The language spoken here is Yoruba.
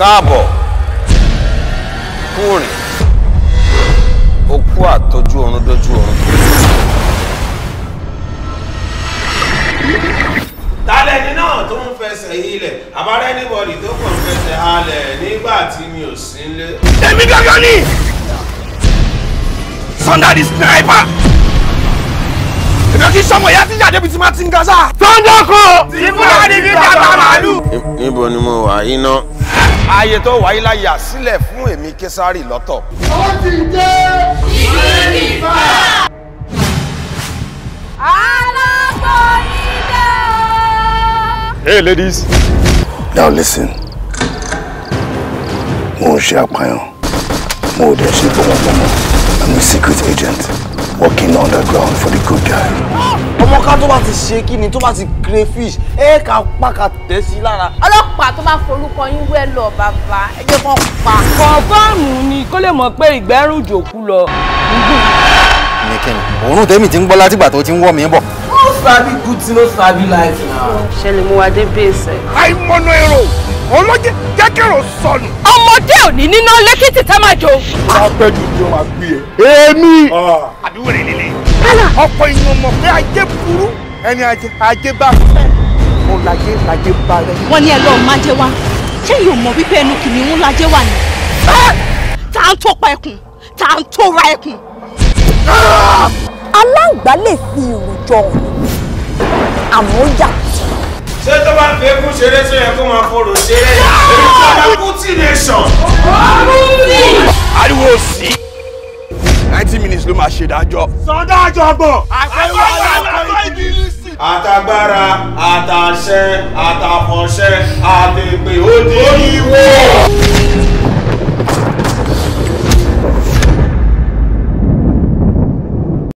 káàbọ̀ kúrin okú àtọ́jú ọ̀run dójú ọ̀run. tálẹ̀ ni náà tó ń fẹsẹ̀ ilẹ̀ àbárẹ́ níbọ̀dì tó kàn ń fẹsẹ̀ halẹ̀ nígbà tí mi ò sí nílé. èmi gangan ni Thunder the sniper èmi ò kí sọmọ ìyá tíjà débi tí má ti ń gaza. Thunder kò. tí fúlàní fi bàbá màálù. níbo ni mo wà yín náà ààyè tó wáyé la sílẹ̀ fún èmi Késárì lọ́tọ̀. ó ti dé ìlú Ifá. alágbó ilé hey ladies. now listen mo ń ṣe àpàyàn mo ò dẹ̀ ṣe gbọmọgbọmọ I'm a secret agent working underground for the good guy ọmọ ká tó bá ti ṣe kí ni tó bá ti crayfish ẹ ká pàkà tẹ̀ sí lára. ọlọ́pàá tó bá forúkọ yín wẹ́ lọ bàbá ẹ jẹ́ kó pa. kọ̀ọ̀fọ́ọ̀mù ni kó lè mọ̀ pé ìgbẹ́rùn jòkú lọ. ní kí ni òórùn tèmi ti ń gbọ́ látìgbà tó ti ń wọ́ mi bọ̀. no sabi good no sabi life now. ṣẹlẹ̀ mo wá dé bẹ́ẹ̀sẹ̀. àìmọ̀nà èrò olóje jẹ́kẹ̀rọ sọnù. ọmọdé ò ní níná lẹ́kìtì tá máa jó. ó máa pẹ́ ju tí ó máa gbé e. èmi. Ah. àbí wèrè lélẹ̀ ọ̀pọ̀ èèyàn mọ̀ pé ajé burú ẹni ajé bá fẹ́ mo lajé lajé bá rẹ. wọ́n ní ẹ lọ́ọ́ má jẹ́ wá ṣé yóò mọ̀ wípé ẹnu kìnìún lajẹ́ wà ni. tá à tó pa ẹkùn tá à tó ra ẹkùn. aláǹgbá lè fi ìrù jọ àmọ́ yàtọ̀. ṣé tó bá fi eégún ṣeré tó yẹ kó máa fòrò ṣeré èyí tó bá kú tí nation. àṣedájọ́. sọdájọ́ gbọ̀. àṣẹwọ́ àlọ́ ìdílísì. àtagbára àtàṣẹ àtàfọ̀ṣẹ àtẹ̀pẹ̀ ó di ìwọ.